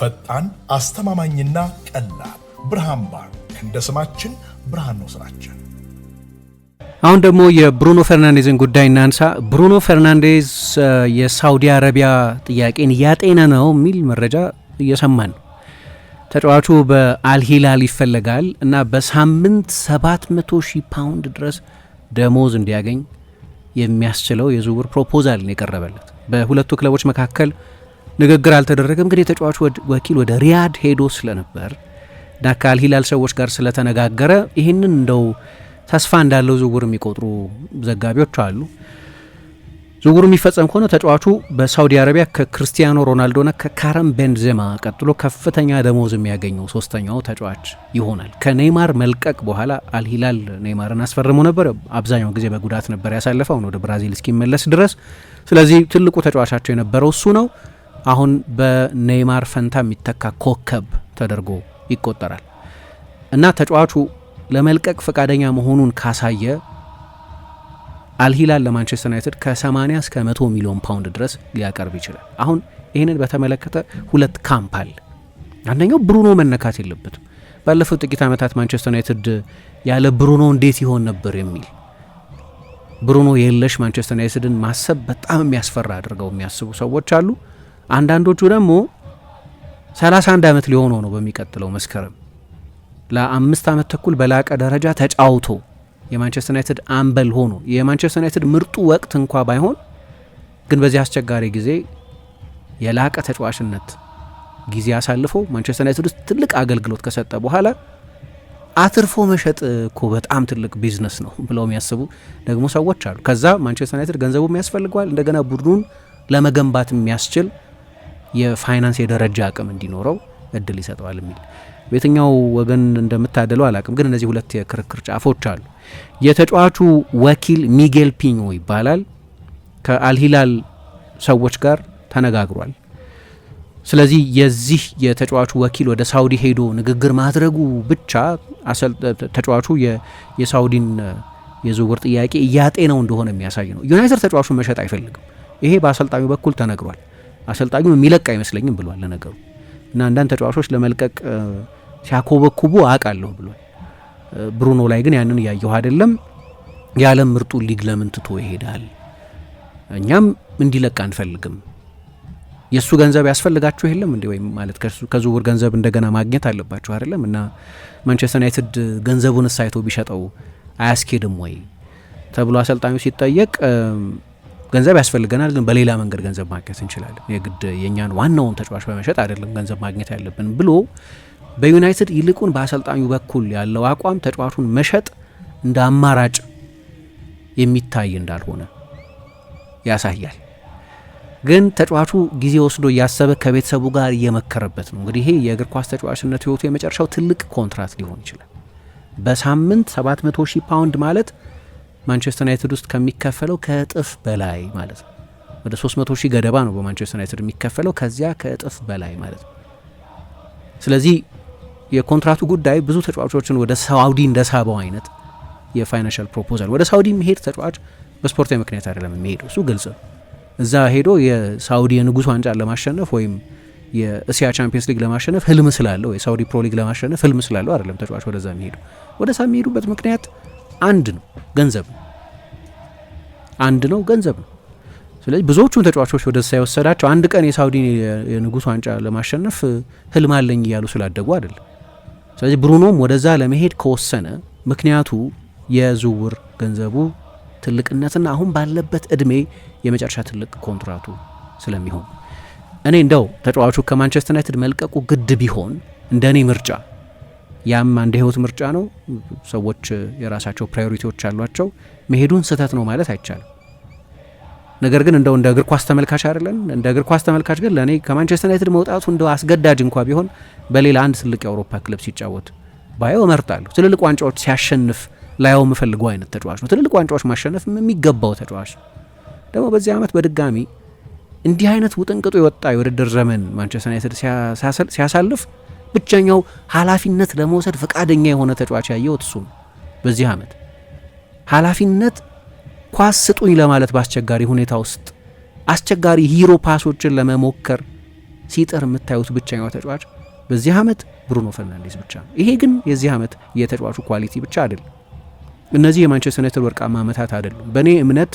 ፈጣን አስተማማኝና ቀላል ብርሃን ባንክ። እንደ ስማችን ብርሃን ነው ስራችን። አሁን ደግሞ የብሩኖ ፈርናንዴዝን ጉዳይ እናንሳ። ብሩኖ ፈርናንዴዝ የሳውዲ አረቢያ ጥያቄን እያጤነ ነው የሚል መረጃ እየሰማን ነው። ተጫዋቹ በአልሂላል ይፈለጋል እና በሳምንት 700 ሺህ ፓውንድ ድረስ ደሞዝ እንዲያገኝ የሚያስችለው የዝውውር ፕሮፖዛል ነው የቀረበለት በሁለቱ ክለቦች መካከል ንግግር አልተደረገም። እንግዲህ የተጫዋቹ ወኪል ወደ ሪያድ ሄዶ ስለነበር እና ከአልሂላል ሰዎች ጋር ስለተነጋገረ ይህንን እንደው ተስፋ እንዳለው ዝውውር የሚቆጥሩ ዘጋቢዎች አሉ። ዝውውሩ የሚፈጸም ከሆነ ተጫዋቹ በሳውዲ አረቢያ ከክርስቲያኖ ሮናልዶና ከካረም ቤንዜማ ቀጥሎ ከፍተኛ ደሞዝ የሚያገኘው ሶስተኛው ተጫዋች ይሆናል። ከኔይማር መልቀቅ በኋላ አልሂላል ኔይማርን አስፈርሞ ነበር። አብዛኛው ጊዜ በጉዳት ነበር ያሳለፈው ወደ ብራዚል እስኪመለስ ድረስ። ስለዚህ ትልቁ ተጫዋቻቸው የነበረው እሱ ነው። አሁን በኔይማር ፈንታ የሚተካ ኮከብ ተደርጎ ይቆጠራል እና ተጫዋቹ ለመልቀቅ ፈቃደኛ መሆኑን ካሳየ አልሂላል ለማንቸስተር ዩናይትድ ከ80 እስከ 100 ሚሊዮን ፓውንድ ድረስ ሊያቀርብ ይችላል። አሁን ይህንን በተመለከተ ሁለት ካምፕ አለ። አንደኛው ብሩኖ መነካት የለበትም ባለፉት ጥቂት ዓመታት ማንቸስተር ዩናይትድ ያለ ብሩኖ እንዴት ይሆን ነበር የሚል ብሩኖ የለሽ ማንቸስተር ዩናይትድን ማሰብ በጣም የሚያስፈራ አድርገው የሚያስቡ ሰዎች አሉ። አንዳንዶቹ ደግሞ 31 ዓመት ሊሆነው ነው በሚቀጥለው መስከረም። ለአምስት ዓመት ተኩል በላቀ ደረጃ ተጫውቶ የማንቸስተር ዩናይትድ አምበል ሆኖ የማንቸስተር ዩናይትድ ምርጡ ወቅት እንኳ ባይሆን ግን በዚህ አስቸጋሪ ጊዜ የላቀ ተጫዋችነት ጊዜ አሳልፎ ማንቸስተር ዩናይትድ ውስጥ ትልቅ አገልግሎት ከሰጠ በኋላ አትርፎ መሸጥ እኮ በጣም ትልቅ ቢዝነስ ነው ብለው የሚያስቡ ደግሞ ሰዎች አሉ። ከዛ ማንቸስተር ዩናይትድ ገንዘቡም ያስፈልገዋል፣ እንደገና ቡድኑን ለመገንባት የሚያስችል የፋይናንስ የደረጃ አቅም እንዲኖረው እድል ይሰጠዋል የሚል በየትኛው ወገን እንደምታደለው አላቅም፣ ግን እነዚህ ሁለት የክርክር ጫፎች አሉ። የተጫዋቹ ወኪል ሚጌል ፒኞ ይባላል ከአልሂላል ሰዎች ጋር ተነጋግሯል። ስለዚህ የዚህ የተጫዋቹ ወኪል ወደ ሳውዲ ሄዶ ንግግር ማድረጉ ብቻ ተጫዋቹ የሳውዲን የዝውውር ጥያቄ እያጤነው እንደሆነ የሚያሳይ ነው። ዩናይትድ ተጫዋቹን መሸጥ አይፈልግም። ይሄ በአሰልጣኙ በኩል ተነግሯል። አሰልጣኙ የሚለቅ አይመስለኝም ብሏል ለነገሩ እና አንዳንድ ተጫዋቾች ለመልቀቅ ሲያኮበኩቡ አውቃለሁ ብሏል። ብሩኖ ላይ ግን ያንን እያየሁ አይደለም። የዓለም ምርጡ ሊግ ለምን ትቶ ይሄዳል? እኛም እንዲለቅ አንፈልግም። የእሱ ገንዘብ ያስፈልጋችሁ የለም እንዲ ወይም ማለት ከዝውውር ገንዘብ እንደገና ማግኘት አለባችሁ አይደለም እና ማንቸስተር ዩናይትድ ገንዘቡን እሳይቶ ቢሸጠው አያስኬድም ወይ ተብሎ አሰልጣኙ ሲጠየቅ ገንዘብ ያስፈልገናል፣ ግን በሌላ መንገድ ገንዘብ ማግኘት እንችላለን። የግድ የእኛን ዋናውን ተጫዋች በመሸጥ አይደለም ገንዘብ ማግኘት ያለብን ብሎ በዩናይትድ ይልቁን በአሰልጣኙ በኩል ያለው አቋም ተጫዋቹን መሸጥ እንደ አማራጭ የሚታይ እንዳልሆነ ያሳያል። ግን ተጫዋቹ ጊዜ ወስዶ እያሰበ ከቤተሰቡ ጋር እየመከረበት ነው። እንግዲህ ይሄ የእግር ኳስ ተጫዋችነት ህይወቱ የመጨረሻው ትልቅ ኮንትራት ሊሆን ይችላል። በሳምንት 700 ሺህ ፓውንድ ማለት ማንቸስተር ዩናይትድ ውስጥ ከሚከፈለው ከእጥፍ በላይ ማለት ነው። ወደ 300 ሺህ ገደባ ነው በማንቸስተር ዩናይትድ የሚከፈለው ከዚያ ከእጥፍ በላይ ማለት ነው። ስለዚህ የኮንትራቱ ጉዳይ ብዙ ተጫዋቾችን ወደ ሳውዲ እንደሳበው አይነት የፋይናንሻል ፕሮፖዛል ወደ ሳውዲ የሚሄድ ተጫዋች በስፖርታዊ ምክንያት አይደለም የሚሄደው፣ እሱ ግልጽ ነው። እዛ ሄዶ የሳውዲ የንጉስ ዋንጫን ለማሸነፍ ወይም የእስያ ቻምፒየንስ ሊግ ለማሸነፍ ህልም ስላለው የሳውዲ ፕሮ ሊግ ለማሸነፍ ህልም ስላለው አይደለም ተጫዋች ወደዛ የሚሄዱ። ወደዛ የሚሄዱበት ምክንያት አንድ ነው፣ ገንዘብ ነው። አንድ ነው፣ ገንዘብ ነው። ስለዚህ ብዙዎቹን ተጫዋቾች ወደ ሳ የወሰዳቸው አንድ ቀን የሳውዲን የንጉሥ ዋንጫ ለማሸነፍ ህልም አለኝ እያሉ ስላደጉ አይደለም። ስለዚህ ብሩኖም ወደዛ ለመሄድ ከወሰነ ምክንያቱ የዝውውር ገንዘቡ ትልቅነትና አሁን ባለበት እድሜ የመጨረሻ ትልቅ ኮንትራቱ ስለሚሆን እኔ እንደው ተጫዋቹ ከማንቸስተር ዩናይትድ መልቀቁ ግድ ቢሆን እንደ እኔ ምርጫ ያም አንድ ህይወት ምርጫ ነው። ሰዎች የራሳቸው ፕራዮሪቲዎች አሏቸው። መሄዱን ስህተት ነው ማለት አይቻልም። ነገር ግን እንደው እንደ እግር ኳስ ተመልካች አይደለን። እንደ እግር ኳስ ተመልካች ግን ለእኔ ከማንቸስተር ዩናይትድ መውጣቱ እንደው አስገዳጅ እንኳ ቢሆን በሌላ አንድ ትልቅ የአውሮፓ ክለብ ሲጫወት ባየው እመርጣለሁ። ትልልቅ ዋንጫዎች ሲያሸንፍ ላየው የምፈልገው አይነት ተጫዋች ነው። ትልልቅ ዋንጫዎች ማሸነፍ የሚገባው ተጫዋች ደግሞ በዚህ ዓመት በድጋሚ እንዲህ አይነት ውጥንቅጡ የወጣ የውድድር ዘመን ማንቸስተር ዩናይትድ ሲያሳልፍ ብቸኛው ኃላፊነት ለመውሰድ ፈቃደኛ የሆነ ተጫዋች ያየሁት እሱ ነው። በዚህ ዓመት ኃላፊነት ኳስ ስጡኝ ለማለት በአስቸጋሪ ሁኔታ ውስጥ አስቸጋሪ ሂሮ ፓሶችን ለመሞከር ሲጥር የምታዩት ብቸኛው ተጫዋች በዚህ ዓመት ብሩኖ ፈርናንዴዝ ብቻ ነው። ይሄ ግን የዚህ ዓመት የተጫዋቹ ኳሊቲ ብቻ አይደለም። እነዚህ የማንቸስተር ዩናይትድ ወርቃማ ዓመታት አይደሉም። በእኔ እምነት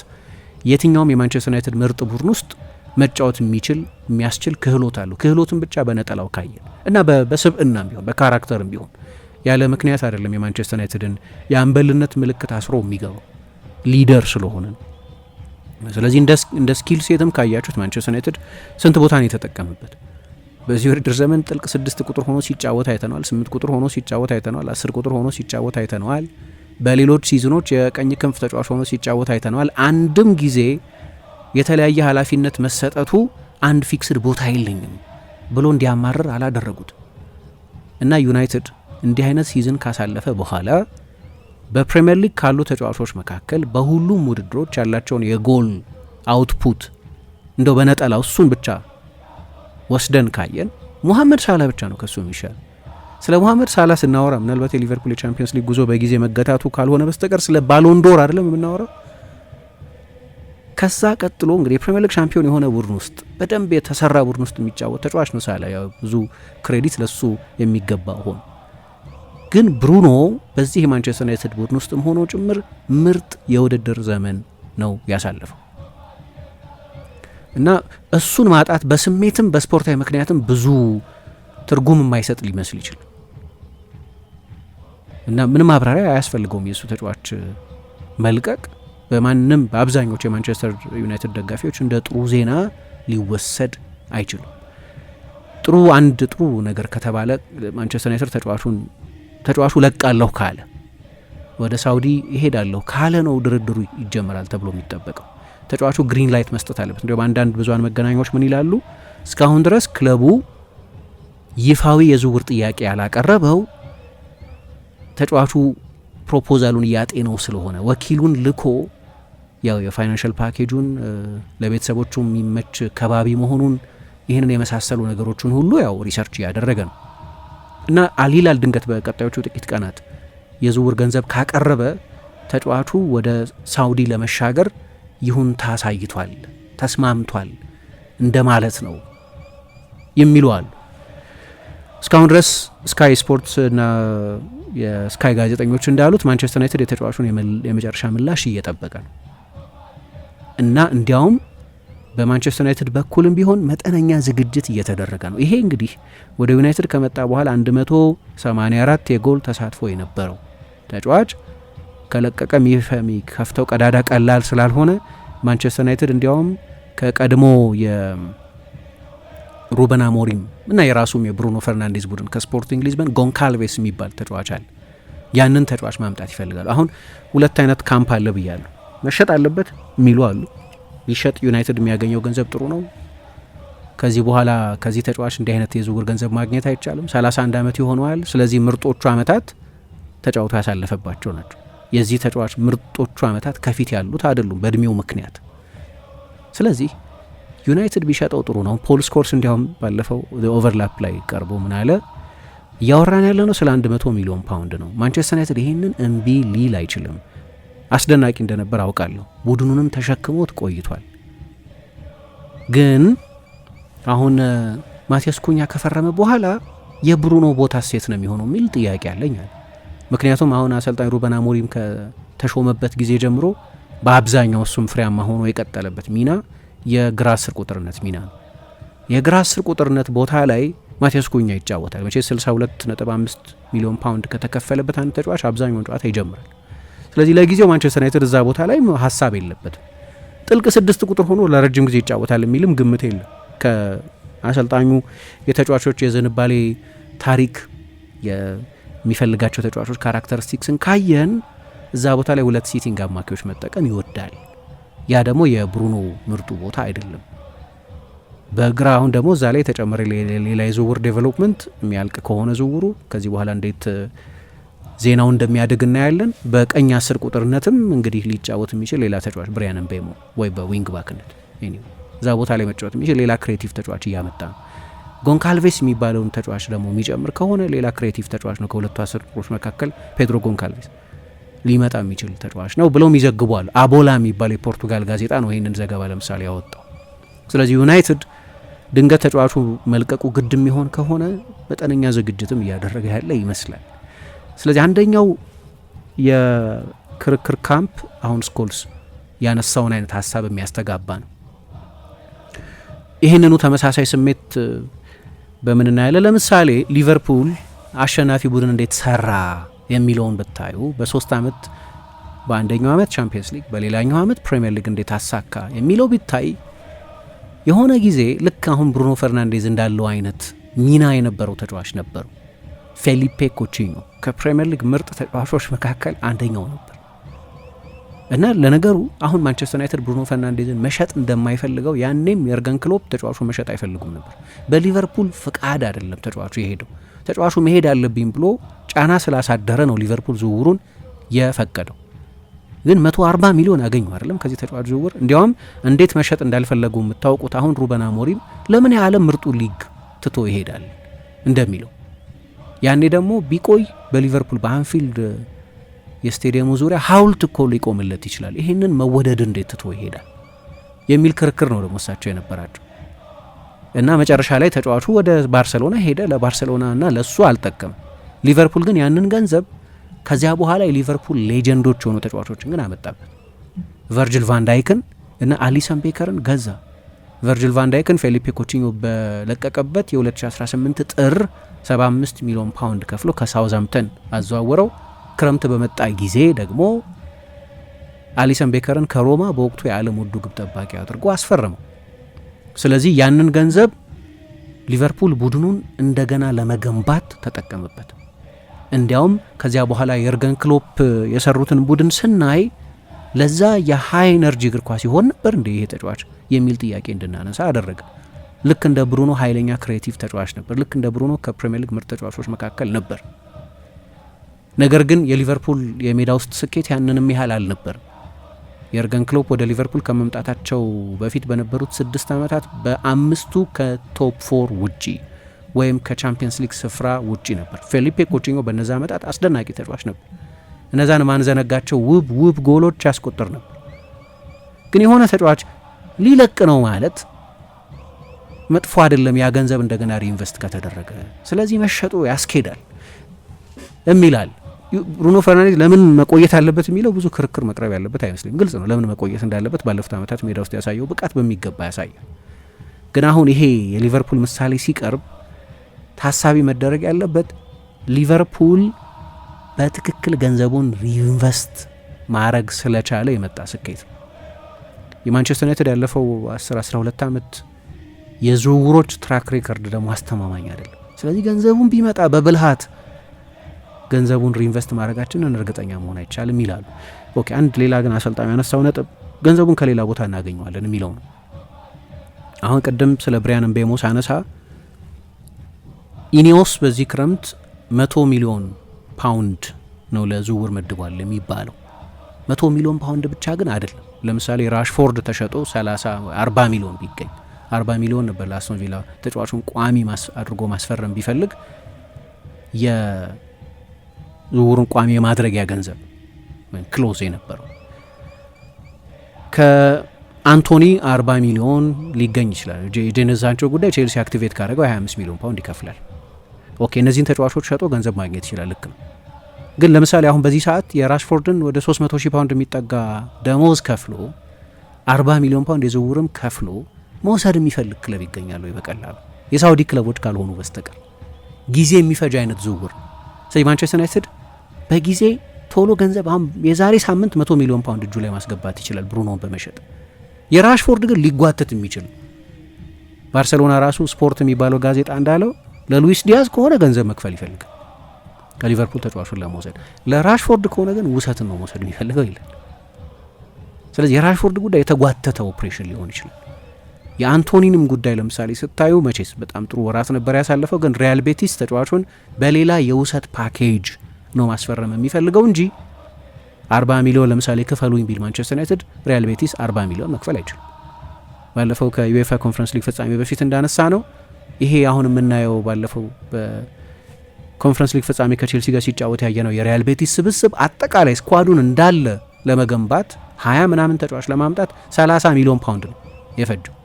የትኛውም የማንቸስተር ዩናይትድ ምርጥ ቡድን ውስጥ መጫወት የሚችል የሚያስችል ክህሎት አለው። ክህሎትን ብቻ በነጠላው ካየ እና በስብዕና ቢሆን በካራክተርም ቢሆን ያለ ምክንያት አይደለም የማንቸስተር ዩናይትድን የአምበልነት ምልክት አስሮ የሚገባው ሊደር ስለሆነ ስለዚህ እንደ ስኪል ሴትም ካያችሁት ማንቸስተር ዩናይትድ ስንት ቦታ ነው የተጠቀምበት። በዚህ ውድድር ዘመን ጥልቅ ስድስት ቁጥር ሆኖ ሲጫወት አይተነዋል። ስምንት ቁጥር ሆኖ ሲጫወት አይተነዋል። አስር ቁጥር ሆኖ ሲጫወት አይተነዋል። በሌሎች ሲዝኖች የቀኝ ክንፍ ተጫዋች ሆኖ ሲጫወት አይተነዋል። አንድም ጊዜ የተለያየ ኃላፊነት መሰጠቱ አንድ ፊክስድ ቦታ የለኝም ብሎ እንዲያማርር አላደረጉት እና ዩናይትድ እንዲህ አይነት ሲዝን ካሳለፈ በኋላ በፕሪምየር ሊግ ካሉ ተጫዋቾች መካከል በሁሉም ውድድሮች ያላቸውን የጎል አውትፑት እንደው በነጠላው እሱን ብቻ ወስደን ካየን ሙሐመድ ሳላ ብቻ ነው ከሱ የሚሻል። ስለ ሙሐመድ ሳላ ስናወራ ምናልባት የሊቨርፑል የቻምፒየንስ ሊግ ጉዞ በጊዜ መገታቱ ካልሆነ በስተቀር ስለ ባሎንዶር አይደለም የምናወራው። ከዛ ቀጥሎ እንግዲህ የፕሪሚየር ሊግ ሻምፒዮን የሆነ ቡድን ውስጥ በደንብ የተሰራ ቡድን ውስጥ የሚጫወት ተጫዋች ነው ሳላ። ብዙ ክሬዲት ለሱ የሚገባ ሆኖ ግን ብሩኖ በዚህ የማንቸስተር ዩናይትድ ቡድን ውስጥም ሆኖ ጭምር ምርጥ የውድድር ዘመን ነው ያሳለፈው እና እሱን ማጣት በስሜትም በስፖርታዊ ምክንያትም ብዙ ትርጉም የማይሰጥ ሊመስል ይችላል እና ምንም ማብራሪያ አያስፈልገውም የእሱ ተጫዋች መልቀቅ በማንም በአብዛኞቹ የማንቸስተር ዩናይትድ ደጋፊዎች እንደ ጥሩ ዜና ሊወሰድ አይችሉም። ጥሩ አንድ ጥሩ ነገር ከተባለ ማንቸስተር ዩናይትድ ተጫዋቹን ተጫዋቹ ለቃለሁ ካለ ወደ ሳውዲ ይሄዳለሁ ካለ ነው ድርድሩ ይጀመራል ተብሎ የሚጠበቀው። ተጫዋቹ ግሪን ላይት መስጠት አለበት። እንዲሁም አንዳንድ ብዙሃን መገናኛዎች ምን ይላሉ? እስካሁን ድረስ ክለቡ ይፋዊ የዝውውር ጥያቄ ያላቀረበው ተጫዋቹ ፕሮፖዛሉን እያጤነው ስለሆነ ወኪሉን ልኮ ያው የፋይናንሻል ፓኬጁን ለቤተሰቦቹ የሚመች ከባቢ መሆኑን ይህንን የመሳሰሉ ነገሮችን ሁሉ ያው ሪሰርች እያደረገ ነው እና አልሂላል ድንገት በቀጣዮቹ ጥቂት ቀናት የዝውውር ገንዘብ ካቀረበ ተጫዋቹ ወደ ሳውዲ ለመሻገር ይሁንታ አሳይቷል፣ ተስማምቷል እንደ ማለት ነው የሚለዋል። እስካሁን ድረስ ስካይ ስፖርት እና የስካይ ጋዜጠኞች እንዳሉት ማንቸስተር ዩናይትድ የተጫዋቹን የመጨረሻ ምላሽ እየጠበቀ ነው እና እንዲያውም በማንቸስተር ዩናይትድ በኩልም ቢሆን መጠነኛ ዝግጅት እየተደረገ ነው። ይሄ እንግዲህ ወደ ዩናይትድ ከመጣ በኋላ 184 የጎል ተሳትፎ የነበረው ተጫዋች ከለቀቀ የሚከፍተው ቀዳዳ ቀላል ስላልሆነ ማንቸስተር ዩናይትድ እንዲያውም ከቀድሞ ሩበን አሞሪም እና የራሱም የብሩኖ ፈርናንዴዝ ቡድን ከስፖርቲንግ ሊዝበን ጎንካልቬስ የሚባል ተጫዋች አለ። ያንን ተጫዋች ማምጣት ይፈልጋሉ። አሁን ሁለት አይነት ካምፕ አለ ብያለሁ። መሸጥ አለበት የሚሉ አሉ። ቢሸጥ ዩናይትድ የሚያገኘው ገንዘብ ጥሩ ነው። ከዚህ በኋላ ከዚህ ተጫዋች እንዲህ አይነት የዝውውር ገንዘብ ማግኘት አይቻልም። 31 ዓመት ይሆነዋል። ስለዚህ ምርጦቹ ዓመታት ተጫውቶ ያሳለፈባቸው ናቸው። የዚህ ተጫዋች ምርጦቹ ዓመታት ከፊት ያሉት አይደሉም በእድሜው ምክንያት ስለዚህ ዩናይትድ ቢሸጠው ጥሩ ነው። ፖል ስኮርስ እንዲያውም ባለፈው ኦቨርላፕ ላይ ቀርቦ ምን አለ፣ እያወራን ያለ ነው ስለ 100 ሚሊዮን ፓውንድ ነው። ማንቸስተር ዩናይትድ ይህንን እምቢ ሊል አይችልም። አስደናቂ እንደነበር አውቃለሁ። ቡድኑንም ተሸክሞት ቆይቷል። ግን አሁን ማቲያስ ኩኛ ከፈረመ በኋላ የብሩኖ ቦታ ሴት ነው የሚሆነው የሚል ጥያቄ አለኛል። ምክንያቱም አሁን አሰልጣኝ ሩበን አሞሪም ከተሾመበት ጊዜ ጀምሮ በአብዛኛው እሱም ፍሬያማ ሆኖ የቀጠለበት ሚና የግራ ስር ቁጥርነት ሚና ነው። የግራ ስር ቁጥርነት ቦታ ላይ ማቴስ ኩኛ ይጫወታል። መቼ 62.5 ሚሊዮን ፓውንድ ከተከፈለበት አንድ ተጫዋች አብዛኛውን ጨዋታ ይጀምራል። ስለዚህ ለጊዜው ማንቸስተር ዩናይትድ እዛ ቦታ ላይ ሀሳብ የለበትም። ጥልቅ ስድስት ቁጥር ሆኖ ለረጅም ጊዜ ይጫወታል የሚልም ግምት የለም። ከአሰልጣኙ የተጫዋቾች የዝንባሌ ታሪክ የሚፈልጋቸው ተጫዋቾች ካራክተሪስቲክስን ካየን እዛ ቦታ ላይ ሁለት ሲቲንግ አማካዮች መጠቀም ይወዳል። ያ ደግሞ የብሩኖ ምርጡ ቦታ አይደለም። በግራ አሁን ደግሞ እዛ ላይ የተጨመረ ሌላ የዝውውር ዴቨሎፕመንት የሚያልቅ ከሆነ ዝውውሩ ከዚህ በኋላ እንዴት ዜናው እንደሚያድግ እናያለን። በቀኝ አስር ቁጥርነትም እንግዲህ ሊጫወት የሚችል ሌላ ተጫዋች ብሪያን ምቤሞ ወይ በዊንግ ባክነት እዛ ቦታ ላይ መጫወት የሚችል ሌላ ክሬቲቭ ተጫዋች እያመጣ ነው። ጎንካልቬስ የሚባለውን ተጫዋች ደግሞ የሚጨምር ከሆነ ሌላ ክሬቲቭ ተጫዋች ነው። ከሁለቱ አስር ቁጥሮች መካከል ፔድሮ ጎንካልቬስ ሊመጣ የሚችል ተጫዋች ነው ብለውም ይዘግቧል። አቦላ የሚባል የፖርቱጋል ጋዜጣ ነው ይህንን ዘገባ ለምሳሌ ያወጣው። ስለዚህ ዩናይትድ ድንገት ተጫዋቹ መልቀቁ ግድ የሚሆን ከሆነ መጠነኛ ዝግጅትም እያደረገ ያለ ይመስላል። ስለዚህ አንደኛው የክርክር ካምፕ አሁን ስኮልስ ያነሳውን አይነት ሀሳብ የሚያስተጋባ ነው። ይህንኑ ተመሳሳይ ስሜት በምን ለምሳሌ ሊቨርፑል አሸናፊ ቡድን እንዴት ሰራ የሚለውን ብታዩ በሶስት ዓመት በአንደኛው ዓመት ቻምፒየንስ ሊግ በሌላኛው ዓመት ፕሪምየር ሊግ እንዴት አሳካ የሚለው ቢታይ የሆነ ጊዜ ልክ አሁን ብሩኖ ፈርናንዴዝ እንዳለው አይነት ሚና የነበረው ተጫዋች ነበሩ። ፌሊፔ ኮቺኞ ከፕሪምየር ሊግ ምርጥ ተጫዋቾች መካከል አንደኛው ነበር እና ለነገሩ አሁን ማንቸስተር ዩናይትድ ብሩኖ ፈርናንዴዝን መሸጥ እንደማይፈልገው ያኔም የርገን ክሎፕ ተጫዋቹ መሸጥ አይፈልጉም ነበር። በሊቨርፑል ፍቃድ አይደለም ተጫዋቹ የሄደው ተጫዋቹ መሄድ አለብኝ ብሎ ጫና ስላሳደረ ነው ሊቨርፑል ዝውውሩን የፈቀደው። ግን 140 ሚሊዮን አገኙ አይደለም ከዚህ ተጫዋች ዝውውር። እንዲያውም እንዴት መሸጥ እንዳልፈለጉ የምታውቁት አሁን ሩበን አሞሪም ለምን የዓለም ምርጡ ሊግ ትቶ ይሄዳል እንደሚለው ያኔ ደግሞ ቢቆይ በሊቨርፑል በአንፊልድ የስቴዲየሙ ዙሪያ ሀውልት እኮ ሊቆምለት ይችላል፣ ይህንን መወደድ እንዴት ትቶ ይሄዳል የሚል ክርክር ነው ደግሞ እሳቸው የነበራቸው። እና መጨረሻ ላይ ተጫዋቹ ወደ ባርሰሎና ሄደ። ለባርሰሎና እና ለሱ አልጠቀም። ሊቨርፑል ግን ያንን ገንዘብ ከዚያ በኋላ የሊቨርፑል ሌጀንዶች የሆኑ ተጫዋቾችን ግን አመጣበት። ቨርጅል ቫንዳይክን እና አሊሰን ቤከርን ገዛ። ቨርጅል ቫንዳይክን ፌሊፔ ኮቺኞ በለቀቀበት የ2018 ጥር 75 ሚሊዮን ፓውንድ ከፍሎ ከሳውዛምተን አዘዋውረው። ክረምት በመጣ ጊዜ ደግሞ አሊሰን ቤከርን ከሮማ በወቅቱ የዓለም ውዱ ግብ ጠባቂ አድርጎ አስፈረመው። ስለዚህ ያንን ገንዘብ ሊቨርፑል ቡድኑን እንደገና ለመገንባት ተጠቀምበት። እንዲያውም ከዚያ በኋላ የርገን ክሎፕ የሰሩትን ቡድን ስናይ ለዛ የሃይ ኤነርጂ እግር ኳስ ይሆን ነበር እንደ ይሄ ተጫዋች የሚል ጥያቄ እንድናነሳ አደረገ። ልክ እንደ ብሩኖ ኃይለኛ ክሬቲቭ ተጫዋች ነበር። ልክ እንደ ብሩኖ ከፕሪምየር ሊግ ምርጥ ተጫዋቾች መካከል ነበር። ነገር ግን የሊቨርፑል የሜዳ ውስጥ ስኬት ያንንም ያህል አልነበርም። የርገን ክሎፕ ወደ ሊቨርፑል ከመምጣታቸው በፊት በነበሩት ስድስት ዓመታት በአምስቱ ከቶፕ ፎር ውጪ ወይም ከቻምፒየንስ ሊግ ስፍራ ውጪ ነበር። ፌሊፔ ኮቺኞ በነዛ ዓመታት አስደናቂ ተጫዋች ነበር። እነዛን ማንዘነጋቸው ውብ ውብ ጎሎች ያስቆጥር ነበር። ግን የሆነ ተጫዋች ሊለቅ ነው ማለት መጥፎ አይደለም፣ ያ ገንዘብ እንደገና ሪኢንቨስት ከተደረገ። ስለዚህ መሸጡ ያስኬዳል የሚላል ብሩኖ ፈርናንዴዝ ለምን መቆየት አለበት የሚለው ብዙ ክርክር መቅረብ ያለበት አይመስልም ግልጽ ነው ለምን መቆየት እንዳለበት ባለፉት ዓመታት ሜዳ ውስጥ ያሳየው ብቃት በሚገባ ያሳያል። ግን አሁን ይሄ የሊቨርፑል ምሳሌ ሲቀርብ ታሳቢ መደረግ ያለበት ሊቨርፑል በትክክል ገንዘቡን ሪኢንቨስት ማድረግ ስለቻለ የመጣ ስኬት ነው። የማንቸስተር ዩናይትድ ያለፈው 10 12 ዓመት የዝውውሮች ትራክ ሬከርድ ደግሞ አስተማማኝ አይደለም። ስለዚህ ገንዘቡን ቢመጣ በብልሃት ገንዘቡን ሪኢንቨስት ማድረጋችንን እርግጠኛ መሆን አይቻልም ይላሉ። ኦኬ አንድ ሌላ ግን አሰልጣኙ ያነሳው ነጥብ ገንዘቡን ከሌላ ቦታ እናገኘዋለን የሚለው ነው። አሁን ቅድም ስለ ብሪያን ምቤሞ ሳነሳ ኢኒዮስ በዚህ ክረምት መቶ ሚሊዮን ፓውንድ ነው ለዝውውር መድቧል የሚባለው። መቶ ሚሊዮን ፓውንድ ብቻ ግን አይደለም። ለምሳሌ ራሽፎርድ ተሸጦ 30 40 ሚሊዮን ቢገኝ 40 ሚሊዮን ነበር ለአስቶን ቪላ ተጫዋቹን ቋሚ አድርጎ ማስፈረም ቢፈልግ ዝውውሩን ቋሚ የማድረጊያ ገንዘብ ክሎዝ የነበረው ከአንቶኒ 40 ሚሊዮን ሊገኝ ይችላል። የጄደን ጉዳይ ቼልሲ አክቲቬት ካደረገው 25 ሚሊዮን ፓውንድ ይከፍላል። ኦኬ እነዚህን ተጫዋቾች ሸጦ ገንዘብ ማግኘት ይችላል። ልክ ነው። ግን ለምሳሌ አሁን በዚህ ሰዓት የራሽፎርድን ወደ 300 ሺህ ፓውንድ የሚጠጋ ደሞዝ ከፍሎ 40 ሚሊዮን ፓውንድ የዝውውርም ከፍሎ መውሰድ የሚፈልግ ክለብ ይገኛል ወይ? በቀላሉ የሳውዲ ክለቦች ካልሆኑ በስተቀር ጊዜ የሚፈጅ አይነት ዝውውር። ስለዚህ ማንቸስተር ዩናይትድ በጊዜ ቶሎ ገንዘብ አሁን የዛሬ ሳምንት መቶ ሚሊዮን ፓውንድ እጁ ላይ ማስገባት ይችላል ብሩኖን በመሸጥ የራሽፎርድ ግን ሊጓተት የሚችል ባርሰሎና ራሱ ስፖርት የሚባለው ጋዜጣ እንዳለው ለሉዊስ ዲያዝ ከሆነ ገንዘብ መክፈል ይፈልጋል ከሊቨርፑል ተጫዋቹን ለመውሰድ ለራሽፎርድ ከሆነ ግን ውሰትን ነው መውሰድ የሚፈልገው ይላል። ስለዚህ የራሽፎርድ ጉዳይ የተጓተተ ኦፕሬሽን ሊሆን ይችላል። የአንቶኒንም ጉዳይ ለምሳሌ ስታዩ መቼስ በጣም ጥሩ ወራት ነበር ያሳለፈው፣ ግን ሪያል ቤቲስ ተጫዋቹን በሌላ የውሰት ፓኬጅ ነው ማስፈረም የሚፈልገው እንጂ አርባ ሚሊዮን ለምሳሌ ክፈሉኝ ቢል ማንቸስተር ዩናይትድ ሪያል ቤቲስ አርባ ሚሊዮን መክፈል አይችልም። ባለፈው ከዩኤፋ ኮንፈረንስ ሊግ ፍጻሜ በፊት እንዳነሳ ነው ይሄ አሁን የምናየው ባለፈው በኮንፈረንስ ሊግ ፍጻሜ ከቼልሲ ጋር ሲጫወት ያየ ነው የሪያል ቤቲስ ስብስብ አጠቃላይ ስኳዱን እንዳለ ለመገንባት ሀያ ምናምን ተጫዋች ለማምጣት 30 ሚሊዮን ፓውንድ ነው የፈጀው።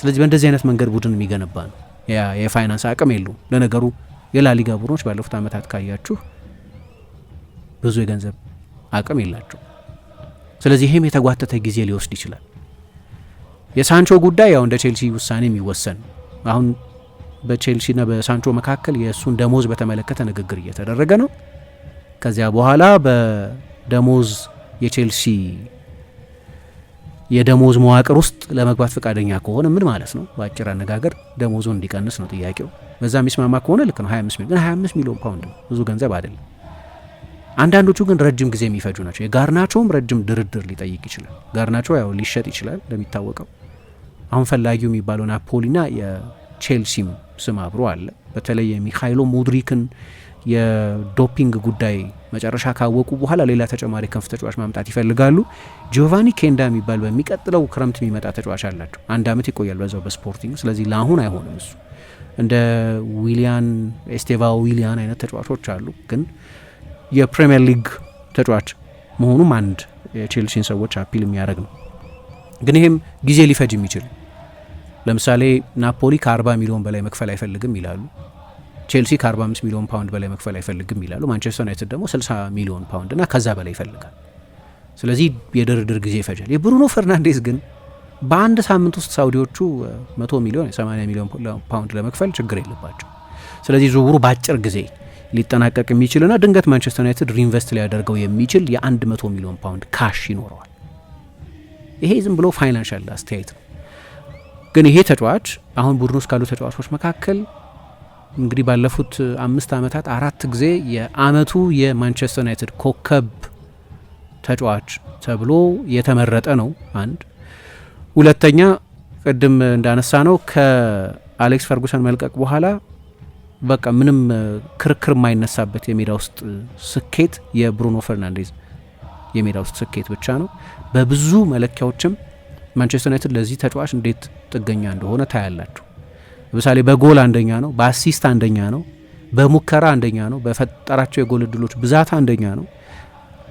ስለዚህ በእንደዚህ አይነት መንገድ ቡድን የሚገነባ ነው። የፋይናንስ አቅም የለው። ለነገሩ የላሊጋ ቡድኖች ባለፉት ዓመታት ካያችሁ ብዙ የገንዘብ አቅም የላቸው። ስለዚህ ይህም የተጓተተ ጊዜ ሊወስድ ይችላል። የሳንቾ ጉዳይ ያው እንደ ቼልሲ ውሳኔ የሚወሰን አሁን በቼልሲና በሳንቾ መካከል የእሱን ደሞዝ በተመለከተ ንግግር እየተደረገ ነው። ከዚያ በኋላ በደሞዝ የቼልሲ የደሞዝ መዋቅር ውስጥ ለመግባት ፈቃደኛ ከሆነ ምን ማለት ነው? በአጭር አነጋገር ደሞዙን እንዲቀንስ ነው ጥያቄው። በዛ የሚስማማ ከሆነ ልክ ነው። 25 ሚሊዮን 25 ሚሊዮን ፓውንድ ብዙ ገንዘብ አይደለም። አንዳንዶቹ ግን ረጅም ጊዜ የሚፈጁ ናቸው። የጋርናቸውም ረጅም ድርድር ሊጠይቅ ይችላል። ጋርናቸው ያው ሊሸጥ ይችላል እንደሚታወቀው። አሁን ፈላጊው የሚባለው ናፖሊና የቼልሲም ስም አብሮ አለ። በተለይ የሚካይሎ ሙድሪክን የዶፒንግ ጉዳይ መጨረሻ ካወቁ በኋላ ሌላ ተጨማሪ ክንፍ ተጫዋች ማምጣት ይፈልጋሉ። ጂዮቫኒ ኬንዳ የሚባል በሚቀጥለው ክረምት የሚመጣ ተጫዋች አላቸው። አንድ ዓመት ይቆያል በዛው በስፖርቲንግ። ስለዚህ ለአሁን አይሆንም እሱ እንደ ዊሊያን ኤስቴቫ ዊሊያን አይነት ተጫዋቾች አሉ ግን የፕሪምየር ሊግ ተጫዋች መሆኑም አንድ የቼልሲን ሰዎች አፒል የሚያደርግ ነው። ግን ይህም ጊዜ ሊፈጅ የሚችል ለምሳሌ ናፖሊ ከ40 ሚሊዮን በላይ መክፈል አይፈልግም ይላሉ። ቼልሲ ከ45 ሚሊዮን ፓውንድ በላይ መክፈል አይፈልግም ይላሉ። ማንቸስተር ዩናይትድ ደግሞ 60 ሚሊዮን ፓውንድ እና ከዛ በላይ ይፈልጋል። ስለዚህ የድርድር ጊዜ ይፈጃል። የብሩኖ ፈርናንዴዝ ግን በአንድ ሳምንት ውስጥ ሳውዲዎቹ 100 ሚሊዮን 80 ሚሊዮን ፓውንድ ለመክፈል ችግር የለባቸው። ስለዚህ ዝውውሩ በአጭር ጊዜ ሊጠናቀቅ የሚችልና ድንገት ማንቸስተር ዩናይትድ ሪኢንቨስት ሊያደርገው የሚችል የ100 ሚሊዮን ፓውንድ ካሽ ይኖረዋል። ይሄ ዝም ብሎ ፋይናንሻል አስተያየት ነው። ግን ይሄ ተጫዋች አሁን ቡድን ውስጥ ካሉ ተጫዋቾች መካከል እንግዲህ ባለፉት አምስት ዓመታት አራት ጊዜ የአመቱ የማንቸስተር ዩናይትድ ኮከብ ተጫዋች ተብሎ የተመረጠ ነው። አንድ ሁለተኛ፣ ቅድም እንዳነሳ ነው ከአሌክስ ፈርጉሰን መልቀቅ በኋላ በቃ ምንም ክርክር የማይነሳበት የሜዳ ውስጥ ስኬት የብሩኖ ፈርናንዴዝ የሜዳ ውስጥ ስኬት ብቻ ነው። በብዙ መለኪያዎችም ማንቸስተር ዩናይትድ ለዚህ ተጫዋች እንዴት ጥገኛ እንደሆነ ታያላችሁ። ለምሳሌ በጎል አንደኛ ነው፣ በአሲስት አንደኛ ነው፣ በሙከራ አንደኛ ነው፣ በፈጠራቸው የጎል እድሎች ብዛት አንደኛ ነው፣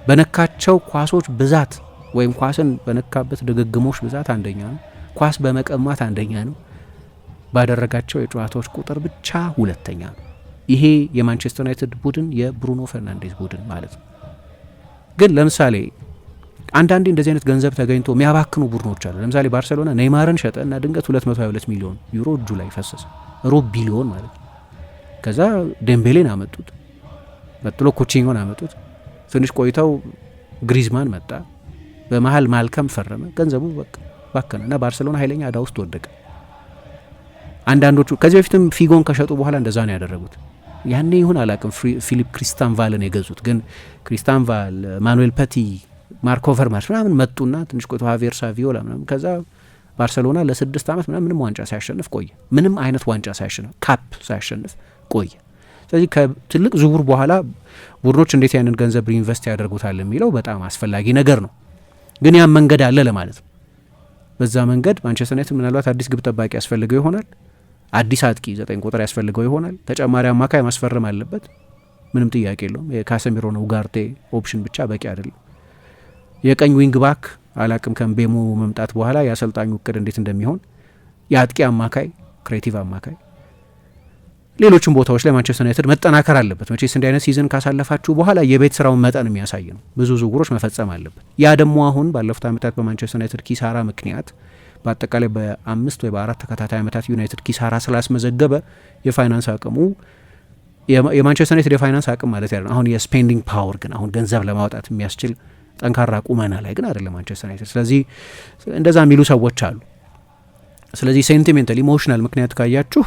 በነካቸው ኳሶች ብዛት ወይም ኳስን በነካበት ድግግሞች ብዛት አንደኛ ነው፣ ኳስ በመቀማት አንደኛ ነው። ባደረጋቸው የጨዋታዎች ቁጥር ብቻ ሁለተኛ ነው። ይሄ የማንቸስተር ዩናይትድ ቡድን የብሩኖ ፈርናንዴዝ ቡድን ማለት ነው። ግን ለምሳሌ አንዳንዴ እንደዚህ አይነት ገንዘብ ተገኝቶ የሚያባክኑ ቡድኖች አሉ። ለምሳሌ ባርሴሎና ኔይማርን ሸጠ እና ድንገት 222 ሚሊዮን ዩሮ እጁ ላይ ፈሰሰ፣ ሩብ ቢሊዮን ማለት ነው። ከዛ ደምቤሌን አመጡት፣ መጥሎ ኮቺኞን አመጡት። ትንሽ ቆይተው ግሪዝማን መጣ፣ በመሀል ማልከም ፈረመ። ገንዘቡ ባከነ እና ባርሴሎና ኃይለኛ አዳ ውስጥ ወደቀ። አንዳንዶቹ ከዚህ በፊትም ፊጎን ከሸጡ በኋላ እንደዛ ነው ያደረጉት። ያኔ ይሁን አላቅም ፊሊፕ ክሪስታን ቫልን የገዙት ግን ክሪስታን ቫል፣ ማኑኤል ፐቲ፣ ማርኮ ቨርማስ ምናምን መጡና ትንሽ ቆይቶ ሃቬር ሳቪዮላ ምናምን ከዛ ባርሰሎና ለስድስት ዓመት ምናምን ምንም ዋንጫ ሳያሸንፍ ቆየ። ምንም አይነት ዋንጫ ሳያሸንፍ ካፕ ሳያሸንፍ ቆየ። ስለዚህ ከትልቅ ዝውውር በኋላ ቡድኖች እንዴት ያንን ገንዘብ ሪኢንቨስት ያደርጉታል የሚለው በጣም አስፈላጊ ነገር ነው። ግን ያም መንገድ አለ ለማለት ነው። በዛ መንገድ ማንቸስተር ዩናይትድ ምናልባት አዲስ ግብ ጠባቂ ያስፈልገው ይሆናል። አዲስ አጥቂ ዘጠኝ ቁጥር ያስፈልገው ይሆናል። ተጨማሪ አማካይ ማስፈረም አለበት፣ ምንም ጥያቄ የለውም። የካሰሚሮ ነው ጋርቴ ኦፕሽን ብቻ በቂ አይደለም። የቀኝ ዊንግ ባክ አላቅም ከምቤሞ መምጣት በኋላ የአሰልጣኙ እቅድ እንዴት እንደሚሆን የአጥቂ አማካይ፣ ክሬቲቭ አማካይ፣ ሌሎችም ቦታዎች ላይ ማንቸስተር ዩናይትድ መጠናከር አለበት። መቼስ እንዲህ አይነት ሲዝን ካሳለፋችሁ በኋላ የቤት ስራውን መጠን የሚያሳይ ነው። ብዙ ዝውውሮች መፈጸም አለበት። ያ ደግሞ አሁን ባለፉት ዓመታት በማንቸስተር ዩናይትድ ኪሳራ ምክንያት በአጠቃላይ በአምስት ወይ በአራት ተከታታይ ዓመታት ዩናይትድ ኪሳራ ስላስመዘገበ የፋይናንስ አቅሙ የማንቸስተር ዩናይትድ የፋይናንስ አቅም ማለት ያለ አሁን የስፔንዲንግ ፓወር ግን አሁን ገንዘብ ለማውጣት የሚያስችል ጠንካራ ቁመና ላይ ግን አይደለም ማንቸስተር ዩናይትድ። ስለዚህ እንደዛ የሚሉ ሰዎች አሉ። ስለዚህ ሴንቲሜንታል ኢሞሽናል ምክንያት ካያችሁ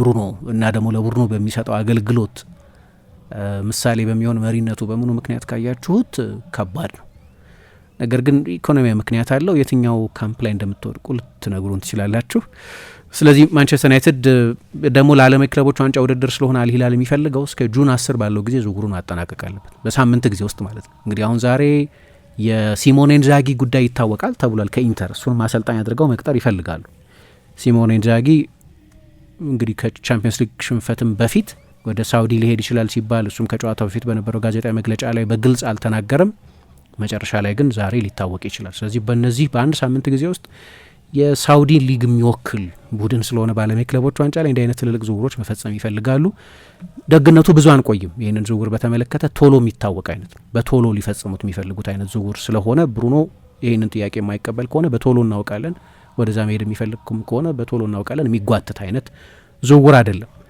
ብሩኖ እና ደግሞ ለብሩኖ በሚሰጠው አገልግሎት ምሳሌ በሚሆን መሪነቱ በምኑ ምክንያት ካያችሁት ከባድ ነው። ነገር ግን ኢኮኖሚያ ምክንያት አለው። የትኛው ካምፕ ላይ እንደምትወድቁ ልትነግሩን ትችላላችሁ። ስለዚህ ማንቸስተር ዩናይትድ ደግሞ ለዓለም ክለቦች ዋንጫ ውድድር ስለሆነ አልሂላል የሚፈልገው እስከ ጁን አስር ባለው ጊዜ ዝውውሩን አጠናቀቅ አለበት። በሳምንት ጊዜ ውስጥ ማለት ነው። እንግዲህ አሁን ዛሬ የሲሞኔ ኢንዛጊ ጉዳይ ይታወቃል ተብሏል ከኢንተር እሱን ማሰልጣኝ አድርገው መቅጠር ይፈልጋሉ። ሲሞኔ ኢንዛጊ እንግዲህ ከቻምፒየንስ ሊግ ሽንፈትም በፊት ወደ ሳውዲ ሊሄድ ይችላል ሲባል እሱም ከጨዋታው በፊት በነበረው ጋዜጣዊ መግለጫ ላይ በግልጽ አልተናገርም። መጨረሻ ላይ ግን ዛሬ ሊታወቅ ይችላል። ስለዚህ በእነዚህ በአንድ ሳምንት ጊዜ ውስጥ የሳውዲ ሊግ የሚወክል ቡድን ስለሆነ በዓለም ክለቦች ዋንጫ ላይ እንዲህ አይነት ትልልቅ ዝውውሮች መፈጸም ይፈልጋሉ። ደግነቱ ብዙ አንቆይም። ይህንን ዝውውር በተመለከተ ቶሎ የሚታወቅ አይነት ነው። በቶሎ ሊፈጽሙት የሚፈልጉት አይነት ዝውውር ስለሆነ ብሩኖ ይህንን ጥያቄ የማይቀበል ከሆነ በቶሎ እናውቃለን። ወደዛ መሄድ የሚፈልግም ከሆነ በቶሎ እናውቃለን። የሚጓትት አይነት ዝውውር አይደለም።